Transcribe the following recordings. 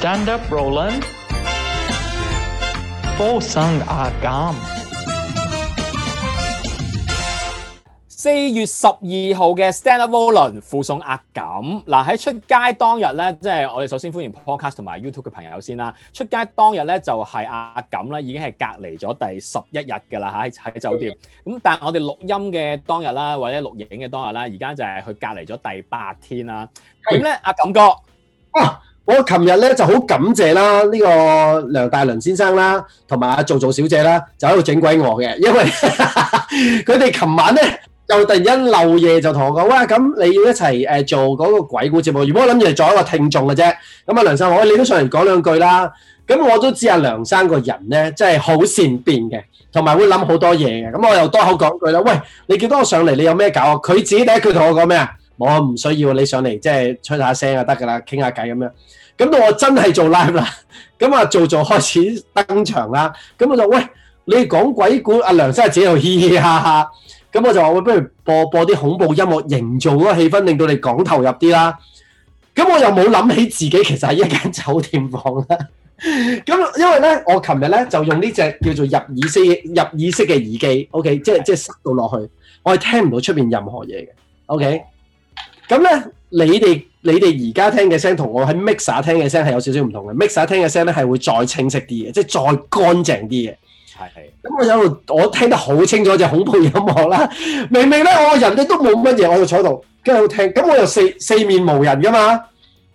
Stand up, Roland。附送阿感。四月十二號嘅 Stand up, Roland 附送阿感。嗱喺出街當日咧，即係我哋首先歡迎 Podcast 同埋 YouTube 嘅朋友先啦。出街當日咧就係阿感咧，已經係隔離咗第十一日嘅啦嚇喺酒店。咁但係我哋錄音嘅當日啦，或者錄影嘅當日啦，而家就係佢隔離咗第八天啦。咁咧？阿感哥。我琴日咧就好感謝啦，呢、這個梁大倫先生啦，同埋阿做做小姐啦，就喺度整鬼我嘅，因為佢哋琴晚咧就突然之間漏夜就同我講，喂，咁你要一齊誒做嗰個鬼故節目，如果我諗住嚟做一個聽眾嘅啫。咁啊，梁生，我你都上嚟講兩句啦。咁我都知阿梁生個人咧真係好善變嘅，同埋會諗好多嘢嘅。咁我又多口講句啦，喂！你叫到我上嚟，你有咩搞啊？佢自己第一句同我講咩啊？我唔需要你上嚟，即係出下聲就得噶啦，傾下偈咁樣。咁到我真係做 live 啦，咁啊做做開始登場啦。咁我就喂你講鬼故，阿、啊、梁生係自己度嘻嘻哈哈。咁我就話喂，我不如播播啲恐怖音樂，營造嗰個氣氛，令到你講投入啲啦。咁我又冇諗起自己其實喺一間酒店房啦。咁因為咧，我琴日咧就用呢隻叫做入，入耳式入耳式嘅耳機，OK，即係即係塞到落去，我係聽唔到出邊任何嘢嘅，OK。咁咧，你哋你哋而家聽嘅聲，我聽聲點點同我喺 mixer 聽嘅聲係有少少唔同嘅，mixer 聽嘅聲咧係會再清晰啲嘅，即係再乾淨啲嘅。係係的。咁我喺度，我聽得好清楚隻恐怖音樂啦。明明咧、哦，我人哋都冇乜嘢，我就坐喺度跟住好聽。咁我又四四面無人噶嘛，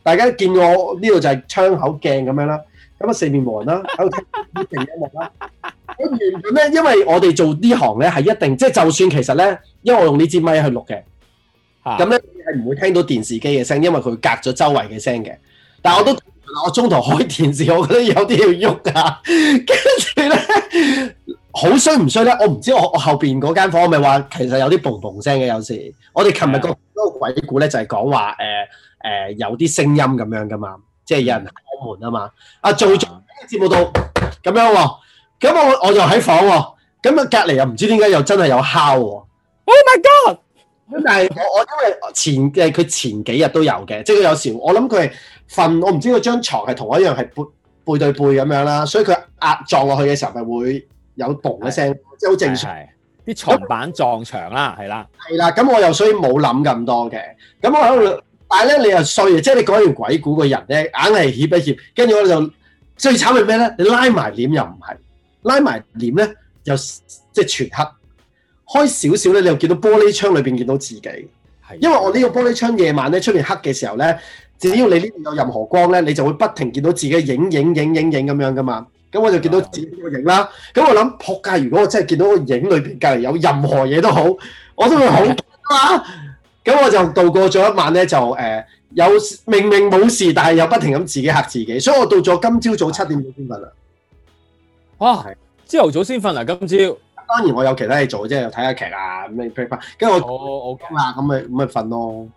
大家見過我呢度就係窗口鏡咁樣啦。咁啊四面無人啦，喺度聽一定音樂啦。咁原本咧，因為我哋做行呢行咧係一定，即、就、係、是、就算其實咧，因為我用呢支咪去錄嘅。咁咧係唔會聽到電視機嘅聲，因為佢隔咗周圍嘅聲嘅。但係我都，我中途開電視，我覺得有啲要喐㗎。跟住咧，好衰唔衰咧？我唔知我我後邊嗰間房，我咪話其實有啲砰砰聲嘅有時。我哋琴日個鬼故咧就係講話誒誒有啲聲音咁樣噶嘛，即係有人敲門啊嘛。啊做咗節目到咁樣喎，咁我我就、啊、又喺房喎，咁啊隔離又唔知點解又真係有敲喎、啊。Oh my god！咁但係我我因為前誒佢前幾日都有嘅，即係佢有時我諗佢瞓，我唔知佢張床係同我一樣係背背對背咁樣啦，所以佢壓撞落去嘅時候咪會有咚嘅聲，即係好正常。啲牀板撞牆啦，係啦。係啦，咁我又所以冇諗咁多嘅。咁我喺度，但係咧你又衰啊！即係你講完鬼故個人咧，硬係怯一怯，跟住我就最慘係咩咧？你拉埋簾又唔係，拉埋簾咧又即係全黑。開少少咧，你就見到玻璃窗裏邊見到自己，係，因為我呢個玻璃窗夜晚咧，出邊黑嘅時候咧，只要你呢邊有任何光咧，你就會不停見到自己影影影影影咁樣噶嘛，咁我就見到自己個影啦，咁我諗，撲街，如果我真係見到個影，影裏邊隔籬有任何嘢都好，我都會好啊，咁 Okay. 我就度過咗一晚咧，就誒有明明冇事，但係又不停咁自己嚇自己，所以我到咗今朝早七點先瞓啦，哇，朝頭早先瞓啦，今朝。當然我有其他嘢做即係，睇下劇啊，咩飛翻，跟住我瞓啊，咁咪咁咪瞓咯。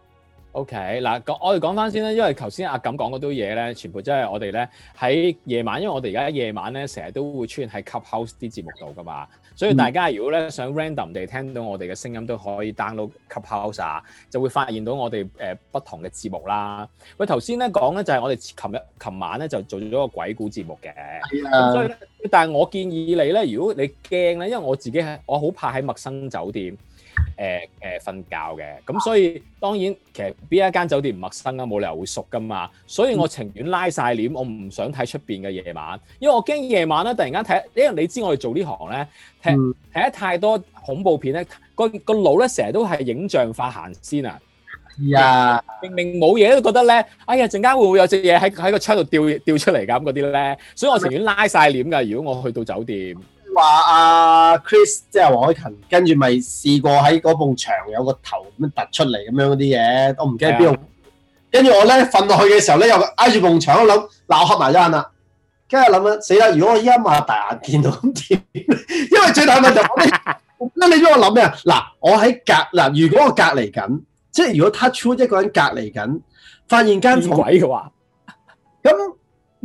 O K，嗱，我哋講翻先啦，因為頭先阿感講嗰堆嘢咧，全部即係我哋咧喺夜晚，因為我哋而家夜晚咧成日都會出現喺 c l u b house 啲節目度噶嘛。所以大家如果咧想 random 地聽到我哋嘅聲音，都可以 download Clubhouse，就會發現到我哋誒不同嘅節目啦。喂，頭先咧講咧就係我哋琴日、琴晚咧就做咗個鬼故節目嘅。係啊、哎呀。咁所以咧，但係我建議你咧，如果你驚咧，因為我自己係我好怕喺陌生酒店。誒誒，瞓覺嘅，咁所以當然，其實邊一間酒店唔陌生啊，冇理由會熟噶嘛，所以我情願拉晒簾，我唔想睇出面嘅夜晚，因為我驚夜晚咧突然間睇，因為你知我哋做呢行咧睇睇得太多恐怖片咧，個個腦咧成日都係影像化行先啊，係啊，明明冇嘢都覺得咧，哎呀陣間會唔會有隻嘢喺喺個窗度掉掉出嚟噶，咁嗰啲咧，所以我情願拉晒簾噶，如果我去到酒店。話阿、啊、Chris 即係黃凱芹，跟住咪試過喺嗰埲牆有個頭咁突出嚟，咁樣嗰啲嘢，都唔記得邊度。跟住的我咧瞓落去嘅時候咧，又挨住埲牆諗，鬧黑埋一陣啦。跟住諗啊，死啦！如果我依家擘大眼見到咁點？ 因為最大問題、就是，咁 你知我諗咩啊？嗱，我喺隔嗱，如果我隔離緊，即係如果 Touch Wood 一個人隔離緊，發現間位嘅話，咁。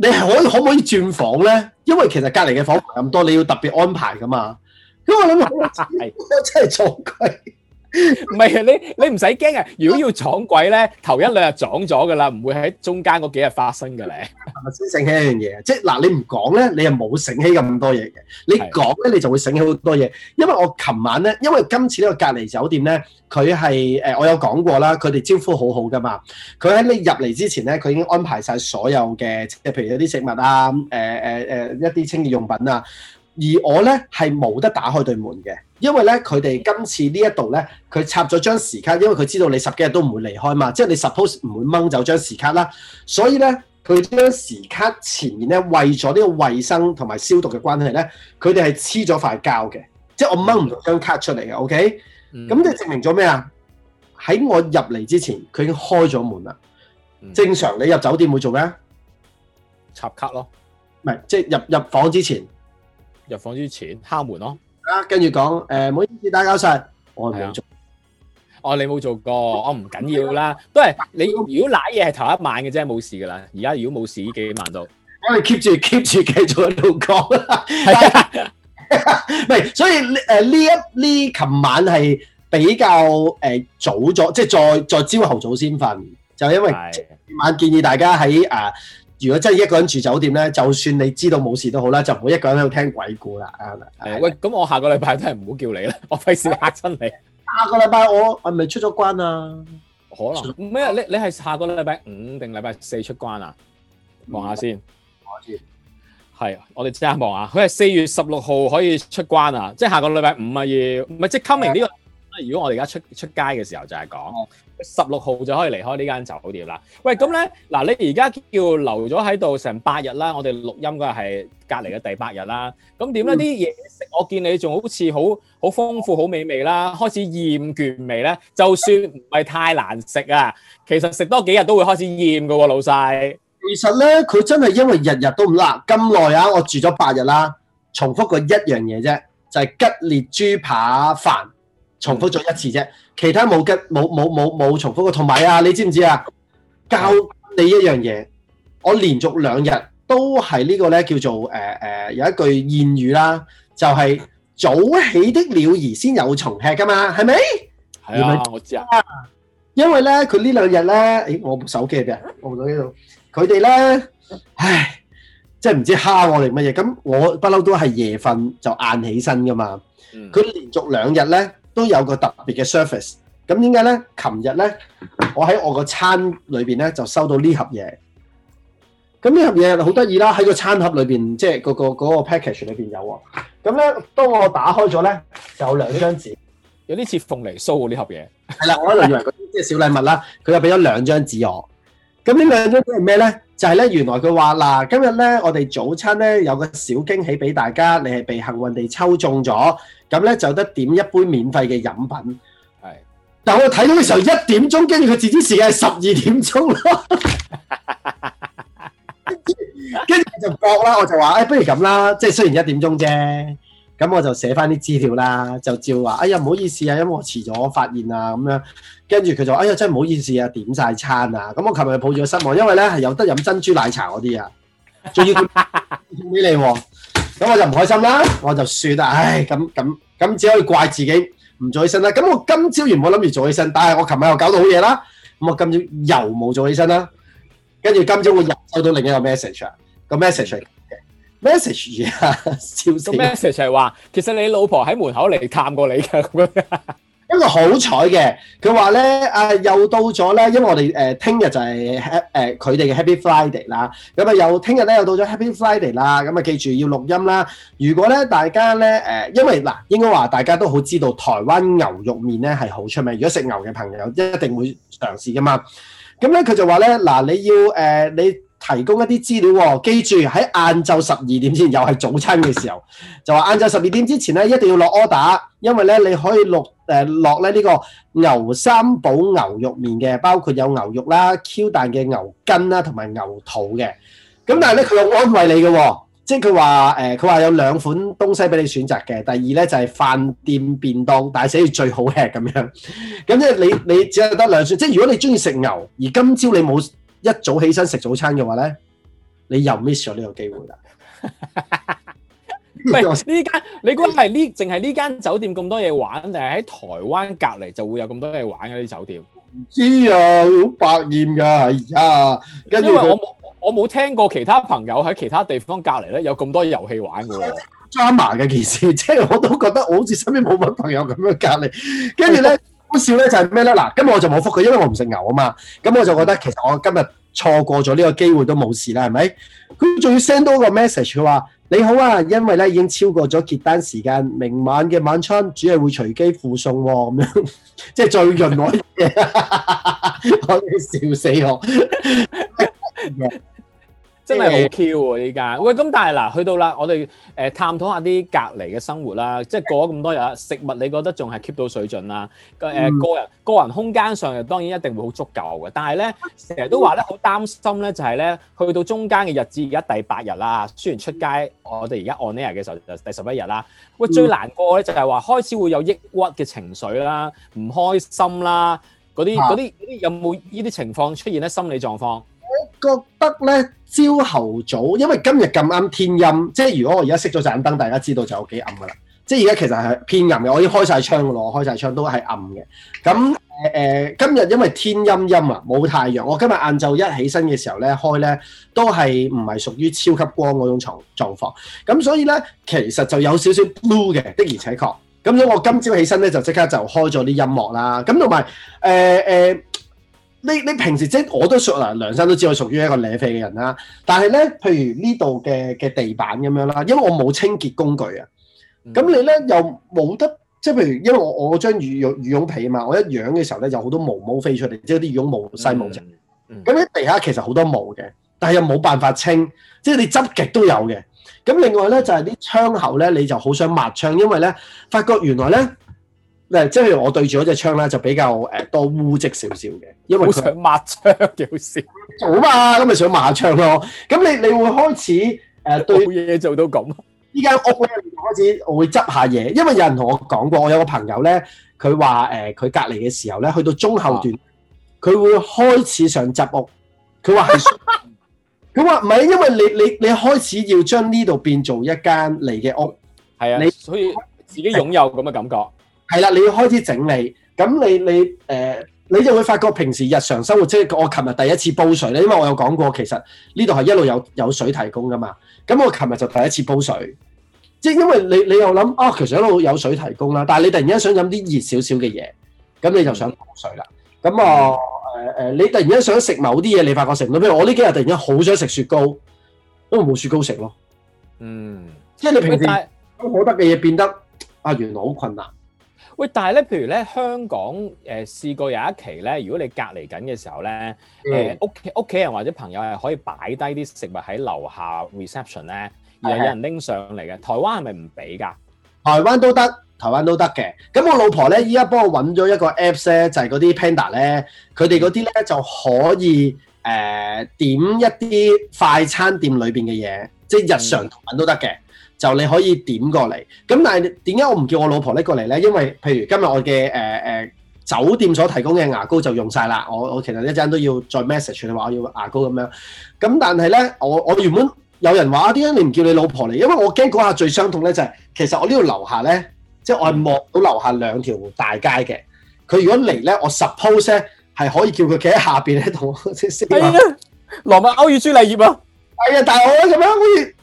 你係可以可唔可以轉房咧？因為其實隔離嘅房唔咁多，你要特別安排㗎嘛。咁我諗，我真係錯鬼。唔係啊，你你唔使驚啊！如果要撞鬼咧，頭一兩日撞咗噶啦，唔會喺中間嗰幾日發生嘅咧。我醒起一樣嘢，即係嗱，你唔講咧，你又冇醒起咁多嘢嘅；你講咧，你就會醒起好多嘢。因為我琴晚咧，因為今次呢個隔離酒店咧，佢係誒，我有講過啦，佢哋招呼好好噶嘛。佢喺你入嚟之前咧，佢已經安排晒所有嘅，即譬如有啲食物啊，誒誒誒，一啲清潔用品啊。而我咧係冇得打開對門嘅，因為咧佢哋今次呢一度咧，佢插咗張時卡，因為佢知道你十幾日都唔會離開嘛，即係你 suppose 唔會掹走張時卡啦，所以咧佢將時卡前面咧為咗呢個衞生同埋消毒嘅關係咧，佢哋係黐咗塊膠嘅，嗯、即係我掹唔到張卡出嚟嘅，OK？咁就、嗯、證明咗咩啊？喺我入嚟之前，佢已經開咗門啦。嗯、正常你入酒店會做咩？插卡咯，唔係即係入入房之前。入房之前敲門咯、哦，啊跟住講，唔、呃、好意思打攪晒。我冇做，哦、嗯啊、你冇做過，我唔緊要啦，都係你如果賴嘢係頭一晚嘅啫，冇事噶啦，而家如果冇事幾晚都，我哋 keep 住 keep 住繼續喺度講，係啊，唔 所以誒呢、呃、一呢琴晚係比較誒、呃、早咗，即係再再朝後早先瞓，就係、因為琴晚建議大家喺啊。如果真係一個人住酒店咧，就算你知道冇事都好啦，就唔好一個人喺度聽鬼故啦。係啊，喂，咁我下個禮拜真係唔好叫你啦，我費事嚇親你。你下個禮拜我係咪出咗關啊？可能咩啊？你你係下個禮拜五定禮拜四出關啊？望下先。係、嗯，我哋即刻望下。佢係四月十六號可以出關啊，即係下個禮拜五啊要，唔係即係 coming 呢、呢個。如果我哋而家出出街嘅時候就，就係講十六號就可以離開呢間酒店啦。喂，咁咧嗱，你而家叫留咗喺度成八日啦。我哋錄音日係隔離嘅第八日啦。咁點咧？啲嘢、嗯、食我見你仲好似好好豐富、好美味啦。開始厭倦未咧？就算唔係太難食啊，其實食多幾日都會開始厭嘅喎，老細。其實咧，佢真係因為日日都辣咁耐啊！我住咗八日啦、啊，重複過一樣嘢啫，就係、是、吉列豬扒飯。重複咗一次啫，其他冇嘅，冇冇冇冇重複嘅。同埋啊，你知唔知啊？教你一樣嘢，我連續兩日都係呢個咧，叫做誒誒有一句諺語啦，就係早起的鳥兒先有蟲吃噶嘛，係咪？係啊，我知啊。因為咧，佢呢兩日咧，咦，我部手機喺邊？忘咗喺度。佢哋咧，唉，真係唔知蝦我哋乜嘢。咁我不嬲都係夜瞓就晏起身噶嘛。佢連續兩日咧。都有個特別嘅 s u r f a c e 咁點解咧？琴日咧，我喺我個餐裏邊咧就收到呢盒嘢，咁呢盒嘢好得意啦！喺個餐盒裏邊，即係嗰個嗰、嗰個 package 裏邊有喎。咁咧，當我打開咗咧，就有兩張紙，有啲似鳳梨酥喎呢盒嘢。係啦， 我一度以為嗰啲即係小禮物啦，佢又俾咗兩張紙我。咁呢兩張紙係咩咧？就係咧，原來佢話嗱，今日咧我哋早餐咧有個小驚喜俾大家，你係被幸運地抽中咗，咁咧就得點一杯免費嘅飲品。係是，但我睇到嘅時候一點鐘，跟住佢截止時間係十二點鐘咯，跟住 就覺啦，我就話，誒、哎，不如咁啦，即係雖然一點鐘啫。咁我就寫翻啲資料啦，就照話，哎呀唔好意思啊，因為我遲咗發現啊咁樣，跟住佢就，哎呀真係唔好意思啊，點晒餐啊，咁我琴日抱住個失望，因為咧係有得飲珍珠奶茶嗰啲啊，仲要送俾你喎，咁我就唔開心啦，我就算啦，唉，咁咁咁只可以怪自己唔做起身啦，咁我今朝原本諗住做起身，但係我琴日又搞到好嘢啦，咁我今朝又冇做起身啦，跟住今朝我又收到另一個 message 啊，個 message。message 啊，條 message 係話，其實你老婆喺門口嚟探過你嘅咁樣。一個好彩嘅，佢話咧，啊、呃、又到咗咧，因為我哋誒聽日就係誒佢哋嘅 Happy Friday 啦。咁啊又聽日咧又到咗 Happy Friday 啦。咁啊記住要錄音啦。如果咧大家咧誒、呃，因為嗱、呃、應該話大家都好知道台灣牛肉麵咧係好出名，如果食牛嘅朋友一定會嘗試㗎嘛。咁咧佢就話咧嗱，你要誒、呃、你要。呃你提供一啲資料喎、哦，記住喺晏晝十二點之前，又係早餐嘅時候，就話晏晝十二點之前咧一定要落 order，因為咧你可以落誒落咧呢個牛三寶牛肉麵嘅，包括有牛肉啦、Q 彈嘅牛筋啦同埋牛肚嘅。咁但係咧佢有安慰你嘅、哦，即係佢話誒佢話有兩款東西俾你選擇嘅。第二咧就係、是、飯店便當，但係寫住最好吃咁樣。咁即係你你只有得兩選，即、就、係、是、如果你中意食牛而今朝你冇。一早起身食早餐嘅話咧，你又 miss 咗呢個機會啦。唔係呢間，你估係呢，淨係呢間酒店咁多嘢玩定係喺台灣隔離就會有咁多嘢玩嘅啲酒店？唔知啊，好百厭㗎，而、哎、家。跟住我我冇聽過其他朋友喺其他地方隔離咧有咁多遊戲玩嘅喎。drama 嘅件事，即係我都覺得我好似身邊冇乜朋友咁樣隔離，跟住咧。 咁笑咧就係咩咧？嗱，今日我就冇覆佢，因為我唔食牛啊嘛。咁我就覺得其實我今日錯過咗呢個機會都冇事啦，係咪？佢仲要 send 多個 message，佢話你好啊，因為咧已經超過咗結單時間，明晚嘅晚餐主係會隨機附送喎，啊，咁樣即係最潤我，我 哋笑死我。 真係好 Q 喎！依家喂，咁但係嗱，去到啦，我哋誒探討下啲隔離嘅生活啦。即係過咗咁多日，食物你覺得仲係 keep 到水準啦？呃嗯、個誒個人個人空間上，當然一定會好足夠嘅。但係咧，成日都話咧，好擔心咧，就係咧，去到中間嘅日子，而家第八日啦。雖然出街，我哋而家 on air 嘅時候就第十一日啦。喂，最難過咧就係話開始會有抑鬱嘅情緒啦，唔開心啦，嗰啲嗰啲有冇呢啲情況出現咧？心理狀況？覺得咧朝頭早，因為今日咁啱天陰，即係如果我而家熄咗盞燈，大家知道就有幾暗噶啦。即係而家其實係偏暗嘅，我已經開晒窗嘅咯，我開晒窗都係暗嘅。咁誒誒，今日因為天陰陰啊，冇太陽，我今日晏晝一起身嘅時候咧，開咧都係唔係屬於超級光嗰種狀狀況。咁所以咧，其實就有少少 blue 嘅，的而且確。咁所以我今朝起身咧就即刻就開咗啲音樂啦。咁同埋誒誒。呃呃呃你你平時即係我都説啊，梁生都知我屬於一個舐飛嘅人啦。但係咧，譬如呢度嘅嘅地板咁樣啦，因為我冇清潔工具啊。咁、嗯、你咧又冇得即係譬如，因為我我張羽羽羽絨被啊嘛，我一養嘅時候咧有好多毛毛飛出嚟，即係啲羽絨毛細毛仔。咁你、嗯嗯、地下其實好多毛嘅，但係又冇辦法清，即係你執極都有嘅。咁另外咧就係、是、啲窗口咧，你就好想抹窗，因為咧發覺原來咧。嗱，即係譬如我對住嗰隻窗啦，就比較誒多污跡少少嘅，因為好想抹窗少少，好嘛？咁咪想抹下窗咯。咁你你會開始誒對冇嘢做到咁？依間屋咧，開始我會執下嘢，因為有人同我講過，我有個朋友咧，佢話誒佢隔離嘅時候咧，去到中後段，佢會開始想執屋。佢話佢話唔係，因為你你你開始要將呢度變做一間你嘅屋，係啊，你。所以自己擁有咁嘅感覺。係啦，你要開始整理，咁你你誒、呃，你就會發覺平時日常生活，即係我琴日第一次煲水咧，因為我有講過，其實呢度係一路有有水提供噶嘛。咁我琴日就第一次煲水，即係因為你你又諗啊，其實一路有水提供啦，但係你突然間想飲啲熱少少嘅嘢，咁你就想煲水啦。咁我誒誒，你突然間想食某啲嘢，你發覺食唔到，譬如我呢幾日突然間好想食雪糕，都冇雪糕食咯。嗯，即係你平時都可得嘅嘢變得啊，原來好困難。喂，但係咧，譬如咧，香港誒、呃、試過有一期咧，如果你隔離緊嘅時候咧，誒屋企屋企人或者朋友係可以擺低啲食物喺樓下 reception 咧，而係、嗯、有人拎上嚟嘅。台灣係咪唔俾㗎？台灣都得，APP，呃、台灣都得嘅。咁我老婆咧依家幫我揾咗一個 app 咧，就係嗰啲 Panda 咧，佢哋嗰啲咧就可以誒點一啲快餐店裏邊嘅嘢，即係日常食品都得嘅。就你可以點過嚟，咁但係點解我唔叫我老婆拎過嚟咧？因為譬如今日我嘅誒誒酒店所提供嘅牙膏就用晒啦，我我其實一陣都要再 message 你話我要牙膏咁樣。咁但係咧，我我原本有人話啊，點解你唔叫你老婆嚟？因為我驚嗰下最傷痛咧、就係，就係其實我呢度樓下咧，即係、嗯、我係望到樓下兩條大街嘅。佢如果嚟咧，我 suppose 咧係可以叫佢企喺下邊咧，同我即係四。 哎呀，羅密歐與朱麗葉啊！哎呀，但係我點樣會？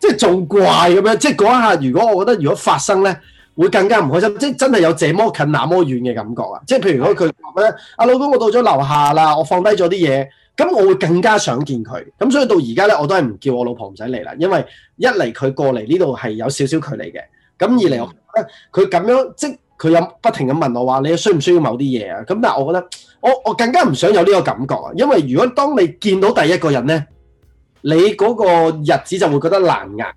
即係做怪咁樣，即係嗰一下，如果我覺得如果發生咧，會更加唔開心。即係真係有這麼近那麼遠嘅感覺啊！即係譬如講佢咧，阿老公我到咗樓下啦，我放低咗啲嘢，咁我會更加想見佢。咁所以到而家咧，我都係唔叫我老婆唔使嚟啦，因為一嚟佢過嚟呢度係有少少距離嘅，咁二嚟我，我覺得佢咁樣即係佢有不停咁問我話，你需唔需要某啲嘢啊？咁但係我覺得我我更加唔想有呢個感覺啊，因為如果當你見到第一個人咧。你嗰個日子就會覺得難捱啦，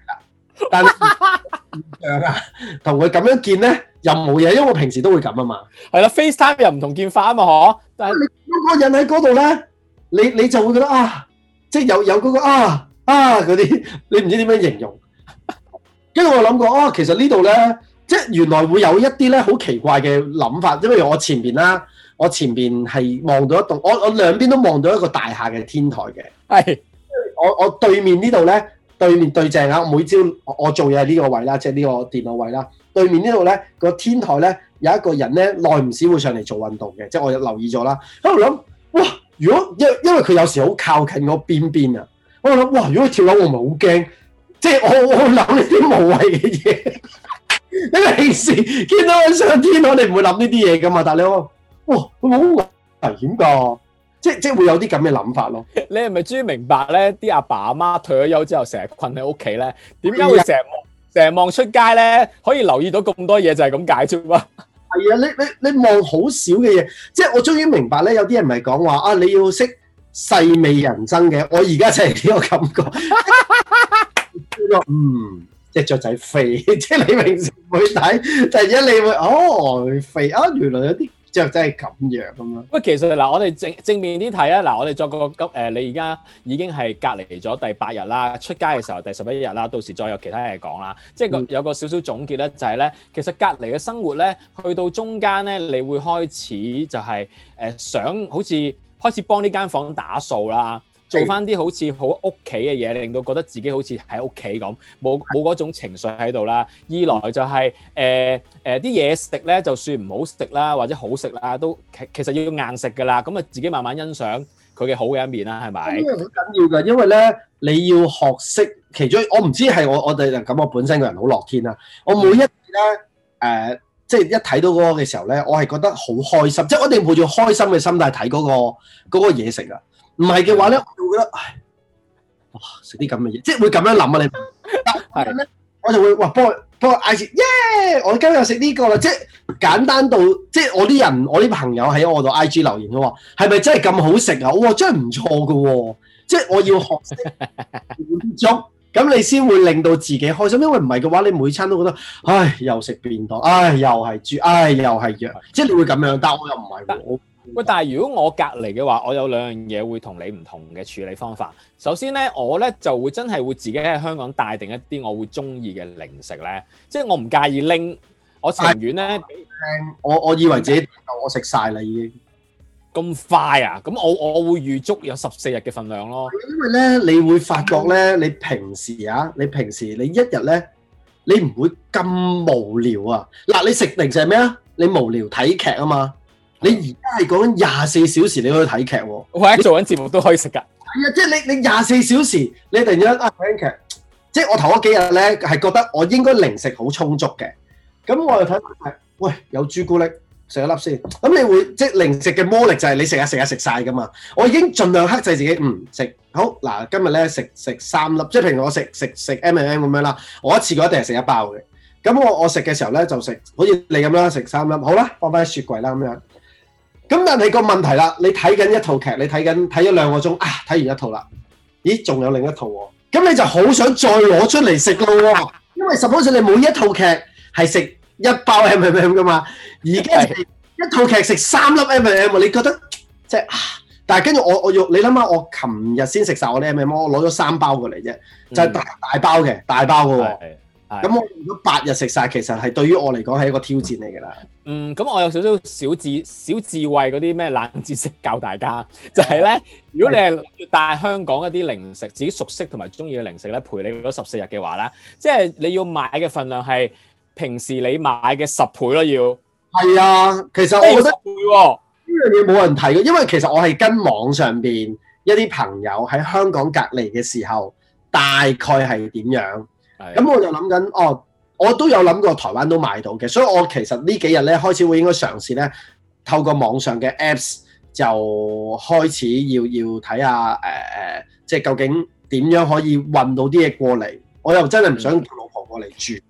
但係同佢咁樣見咧又冇嘢，因為我平時都會咁啊嘛。係啦，FaceTime 又唔同見法啊嘛，嗬。但係你一個人喺嗰度咧，你你就會覺得啊，即係有有嗰個啊啊嗰啲，你唔知點樣形容。跟住我諗過，哦、啊，其實呢度咧，即係原來會有一啲咧好奇怪嘅諗法，即譬如我前邊啦，我前邊係望到一棟，我我兩邊都望到一個大廈嘅天台嘅，係。 我我對面呢度咧，對面對正啊！我每朝我做嘢係呢個位啦，即係呢個電腦位啦。對面呢度咧，個天台咧有一個人咧，耐唔少會上嚟做運動嘅，即係我有留意咗啦。喺度諗，哇！如果因因為佢有時好靠近嗰邊邊啊，我諗，哇！如果佢跳樓我我，我唔係好驚，即係我我諗呢啲無謂嘅嘢。 因為平時見到佢上天我哋唔會諗呢啲嘢噶嘛？但係你話，哇！好危險㗎！即即會有啲咁嘅諗法咯。你係咪終於明白咧？啲阿爸阿媽退咗休之後，成日困喺屋企咧，點解會成日望成日望出街咧？可以留意到咁多嘢，就係咁解啫嘛。係啊，你你你望好少嘅嘢，即係我終於明白咧。有啲人唔係講話啊，你要識細味人生嘅。我而家就係呢個感覺。叫做 嗯，隻雀仔肥，即係你平常唔會睇，但係而家你會哦，哦，肥啊！原來有啲。之後真係咁樣咁咯。喂，其實嗱，我哋正正面啲睇啊。嗱，我哋作個今誒，你而家已經係隔離咗第八日啦。出街嘅時候第十一日啦。到時再有其他嘢講啦。即係個有個少少總結咧，就係、是、咧，其實隔離嘅生活咧，去到中間咧，你會開始就係、是、誒、呃、想，好似開始幫呢間房打掃啦。做翻啲好似好屋企嘅嘢，令到覺得自己好似喺屋企咁，冇冇嗰種情緒喺度啦。二來就係誒誒啲嘢食咧，就算唔好食啦，或者好食啦，都其其實要硬食噶啦。咁啊，自己慢慢欣賞佢嘅好嘅一面啦，係咪？因為好緊要㗎，因為咧你要學識其中，我唔知係我我哋咁，我本身個人好樂天啦。我每一次咧誒，即係一睇到嗰個嘅時候咧，我係覺得好開心，即係我哋抱住開心嘅心態睇嗰個嗰個嘢食啊！唔係嘅話咧，我就會覺得，哇，食啲咁嘅嘢，即係會咁樣諗啊你。係 是，我就會話，幫，幫我 I G，耶！我今日食呢個啦，即係簡單到，即係我啲人，我啲朋友喺我度 I G 留言嘅話，係咪真係咁好食啊？哇，真係唔錯嘅，即係我要學識滿足，咁 你先會令到自己開心。因為唔係嘅話，你每餐都覺得，唉，又食便當，唉，又係豬，唉，你又係羊，即係你會咁樣。但我又唔係、啊。 喂，但係如果我隔離嘅話，我有兩樣嘢會同你唔同嘅處理方法。首先咧，我咧就會真係會自己喺香港帶定一啲我會中意嘅零食咧，即係我唔介意拎，我情願咧。我我以為自己夠，我食曬啦已經。咁快啊？咁我我會預足有十四日嘅份量咯。因為咧，你會發覺咧，你平時啊，你平時你一日咧，你唔會咁無聊啊。嗱，你食零食係咩啊？你無聊睇劇啊嘛。你而家係講緊廿四小時你可以睇劇喎，或者做緊節目都可以食噶。係啊，即係你你廿四小時你突然間啊睇緊劇，即係我頭嗰幾日咧，係覺得我應該零食好充足嘅。咁我就睇緊劇，喂，有朱古力，食一粒先。咁你會即係零食嘅魔力就係你食下食下食曬噶嘛。我已經盡量克制自己，唔食好嗱。今日咧食食三粒，即係譬如我食食食 M and M 咁樣啦，我一次過一定係食一包嘅。咁我我食嘅時候咧就食好似你咁樣，食三粒好啦，放翻喺雪櫃啦咁樣。咁但係你個問題啦，你睇緊一套劇，你睇緊睇咗兩個鐘啊，睇完一套啦，咦，仲有另一套喎，咁，啊，你就好想再攞出嚟食咯，因為十好似你每一套劇係食一包 M M M 噶嘛，而家一套劇食三粒 M M M，你覺得即係啊？但係跟住我我要你諗下，我琴日先食晒我啲 M M，我攞咗、MM，三包過嚟啫，就係、係、大，大包嘅大包嘅喎。嗯。咁我如果八日食晒，其實係對於我嚟講係一個挑戰嚟噶啦。嗯，咁我有少少小智小智慧，嗰啲咩冷知識教大家，就係、是、咧如果你係帶香港一啲零食，自己熟悉同埋中意嘅零食咧，陪你嗰十四日嘅話咧，即係你要買嘅份量係平時你買嘅十倍咯，要係啊。其實我覺得呢樣嘢冇人提，啊、因為其實我係跟網上邊一啲朋友喺香港隔離嘅時候，大概係點樣？咁我就諗緊，哦，我都有諗過台灣都買到嘅，所以我其實呢幾日咧，開始會應該嘗試咧，透過網上嘅 Apps 就開始要要睇下誒誒、呃，即係究竟點樣可以運到啲嘢過嚟，我又真係唔想同老婆過嚟住。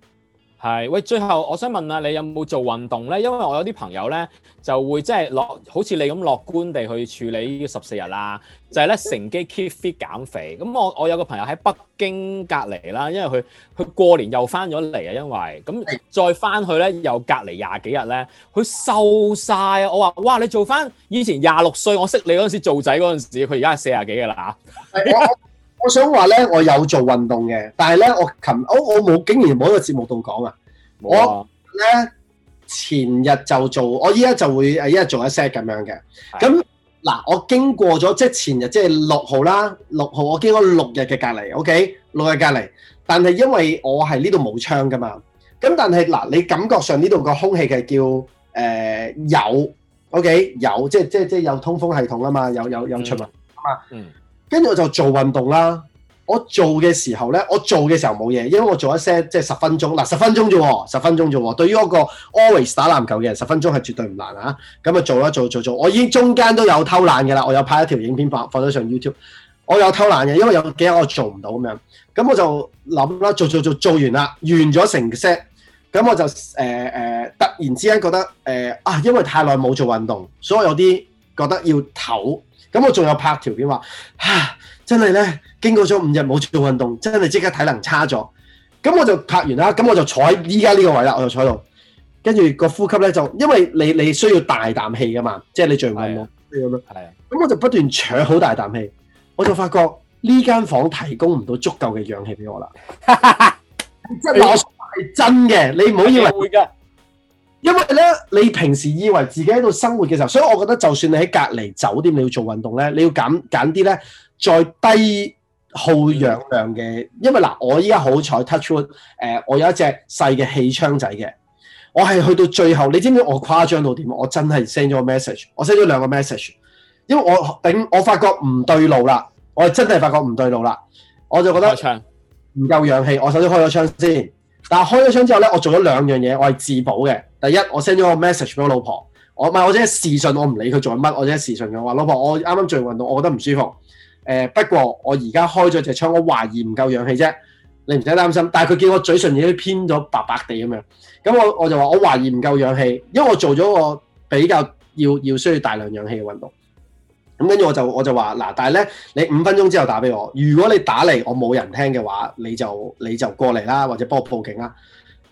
係，喂，最後我想問下，你有冇做運動呢？因為我有啲朋友呢，就會即係樂，好似你咁樂觀地去處理呢十四日啦，就係呢乘機 keep fit 減肥。咁我我有個朋友喺北京隔離啦，因為佢佢過年又翻咗嚟啊，因為咁再翻去呢，又隔離廿幾日呢，佢瘦晒啊！我話哇，你做翻以前廿六歲我識你嗰陣時做仔嗰陣時，佢而家係四廿幾嘅啦嚇。 我想話咧，我有做運動嘅，但係咧，我琴，我我冇，竟然冇一個節目度講啊！我咧前日就做，我依家就會一日做一 set 咁樣嘅。咁嗱的，我經過咗即係前日，即係六號啦。六號我經過六日嘅隔離，O K，六日隔離。Okay? 但係因為我係呢度冇窗㗎嘛，咁但係嗱，你感覺上呢度個空氣係叫誒、呃、有，O、okay? K，有，即係即係即係有通風系統啊嘛，有有有出嘛啊嘛，嗯。跟住我就做運動啦。我做嘅時候呢，我做嘅時候冇嘢，因為我做一 set 即係十分鐘，嗱十分鐘啫喎，十分鐘啫喎。對於我個 always 打籃球嘅人，十分鐘係絕對唔難啊。咁啊做啦，做做做，我已經中間都有偷懶嘅啦。我有拍一條影片放放咗上 YouTube，我有偷懶嘅，因為有幾日我做唔到咁樣。咁我就諗啦，做做做做完啦，完咗成 set。咁我就誒誒、呃呃，突然之間覺得誒啊、呃，因為太耐冇做運動，所以我有啲覺得要唞。咁我仲有拍條片話，嚇真係咧，經過咗五日冇做運動，真係即刻體能差咗。咁我就拍完啦，咁我就坐喺依家呢個位啦，我就坐喺度，跟住個呼吸咧就，因為你你需要大啖氣噶嘛，即係你做運動，咁樣，係。咁我就不斷搶好大啖氣，我就發覺呢間房提供唔到足夠嘅氧氣俾我啦。 你真係的的真嘅，你唔好以為。會㗎。因為咧，你平時以為自己喺度生活嘅時候，所以我覺得就算你喺隔離酒店你，你要做運動咧，你要揀揀啲咧，再低耗氧量嘅。因為嗱，我依家好彩 touch wood，我有一隻細嘅氣槍仔嘅。我係去到最後，你知唔知我誇張到點？我真係 send 咗個 message，我 send 咗兩個 message，因為我頂，我發覺唔對路啦，我真係發覺唔對路啦，我就覺得唔夠氧氣，我首先開咗槍先。但開咗窗之後咧，我做咗兩樣嘢，我係自保嘅。第一，我 send 咗個 message 俾我老婆，我唔係，我即係視訊，我唔理佢做緊乜，我即係視訊佢話老婆，我啱啱做完運動，我覺得唔舒服。誒、呃，不過我而家開咗隻窗，我懷疑唔夠氧氣啫。你唔使擔心。但係佢見我嘴唇已經偏咗白白地咁樣，咁我我就話我懷疑唔夠氧氣，因為我做咗個比較要要需要大量氧氣嘅運動。咁跟住我就我就話嗱，但係咧，你五分鐘之後打俾我。如果你打嚟我冇人聽嘅話，你就你就過嚟啦，或者幫我報警啦。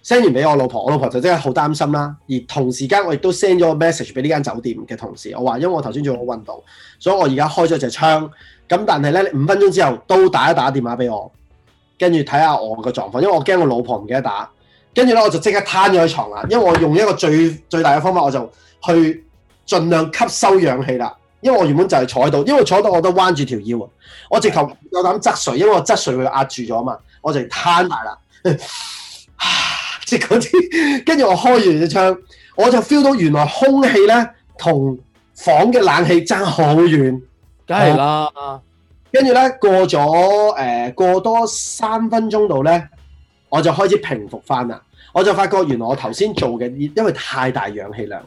send 完俾我老婆，我老婆就即刻好擔心啦。而同時間我亦都 send 咗個 message 俾呢間酒店嘅同事，我話因為我頭先做咗運動，所以我而家開咗隻窗。咁但係咧，五分鐘之後都打一打電話俾我，跟住睇下我個狀況，因為我驚我老婆唔記得打。跟住咧，我就即刻攤咗喺床啦，因為我用一個最最大嘅方法，我就去盡量吸收氧氣啦。因為我原本就係坐喺度，因為坐到我都彎住條腰啊！我直頭有膽側睡，因為我側睡佢壓住咗啊嘛，我就攤埋啦，即係嗰啲。跟住我開完隻窗，我就 feel 到原來空氣咧，同房嘅冷氣爭好遠，梗係啦。跟住咧，過咗誒、呃、過多三分鐘度咧，我就開始平復翻啦。我就發覺原來我頭先做嘅，因為太大氧氣量。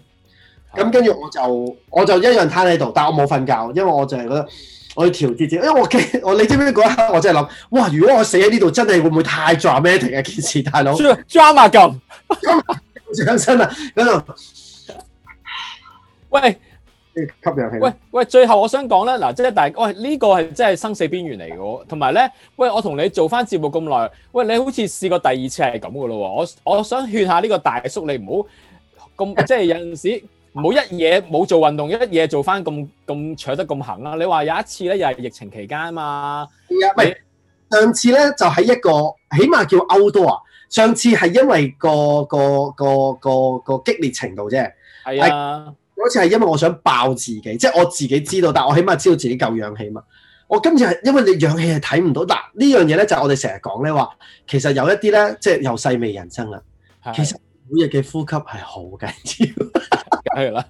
咁跟住我就我就一樣攤喺度，但我冇瞓覺，因為我就係覺得我要調節自己。因為我嘅我，你知唔知嗰一刻我真係諗哇，如果我死喺呢度，真係會唔會太 drama 嘅件事，大佬 drama 咁咁 上身啦嗰度。喂，吸氧氣。喂喂，最後我想講咧，嗱、即係，即係大喂呢、呢個係真係生死邊緣嚟嘅喎，同埋咧，喂我同你做翻節目咁耐，喂你好似試過第二次係咁嘅咯喎，我我想勸下呢個大叔你唔好咁即係有陣時。冇一嘢冇做運動，一嘢做翻咁咁搶得咁狠啦！你話有一次咧，又係疫情期間嘛？唔係你 上次咧，就喺、是、一個起碼叫 outdoor 啊。上次係因為、個、個、個個、個激烈程度啫，係啊的，嗰次係因為我想爆自己，即係我自己知道，但我起碼知道自己夠氧氣嘛。我今日係因為你氧氣係睇唔到嗱，樣呢樣嘢咧就係、是、我哋成日講咧話，其實有一啲咧即係由細味人生啦，其實。每日嘅呼吸係好緊要，梗係啦。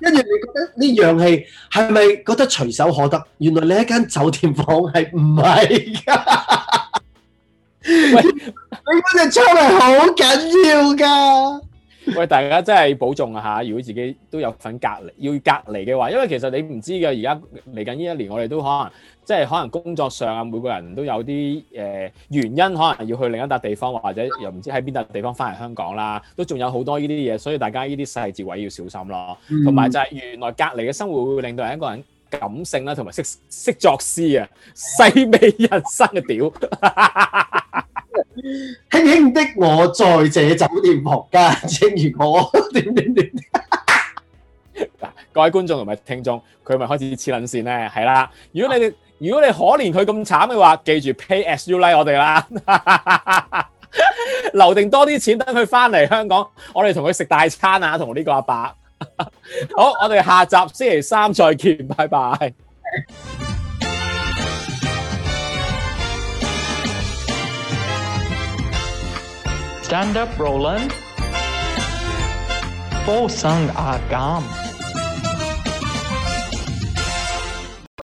跟住你覺得呢樣氣係咪覺得隨手可得？原來你一間酒店房係唔係㗎？ 喂， 你嗰隻窗係好緊要㗎。喂，大家真係保重下。如果自己都有份隔離，要隔離嘅話，因為其實你唔知嘅，而家嚟緊呢一年，我哋都可能。即係可能工作上啊，每個人都有啲誒、呃、原因，可能要去另一笪地方，或者又唔知喺邊笪地方翻嚟香港啦，都仲有好多呢啲嘢，所以大家呢啲細節位要小心咯。同埋、嗯、就係原來隔離嘅生活會令到人一個人感性啦，同埋識識作詩啊，細味人生嘅屌！輕 輕 的我，在這酒店房間，正如我點點點。 各位觀眾同埋聽眾，佢咪開始黐撚線咧？係啦，如果你哋如果你可憐佢咁慘嘅話，記住 pay as you like 我哋啦， 留定多啲錢等佢翻嚟香港，我哋同佢食大餐啊！同呢個阿伯， 好，我哋下集星期三再見，拜拜。Stand up, Roland、Bo。For some 阿 Gam。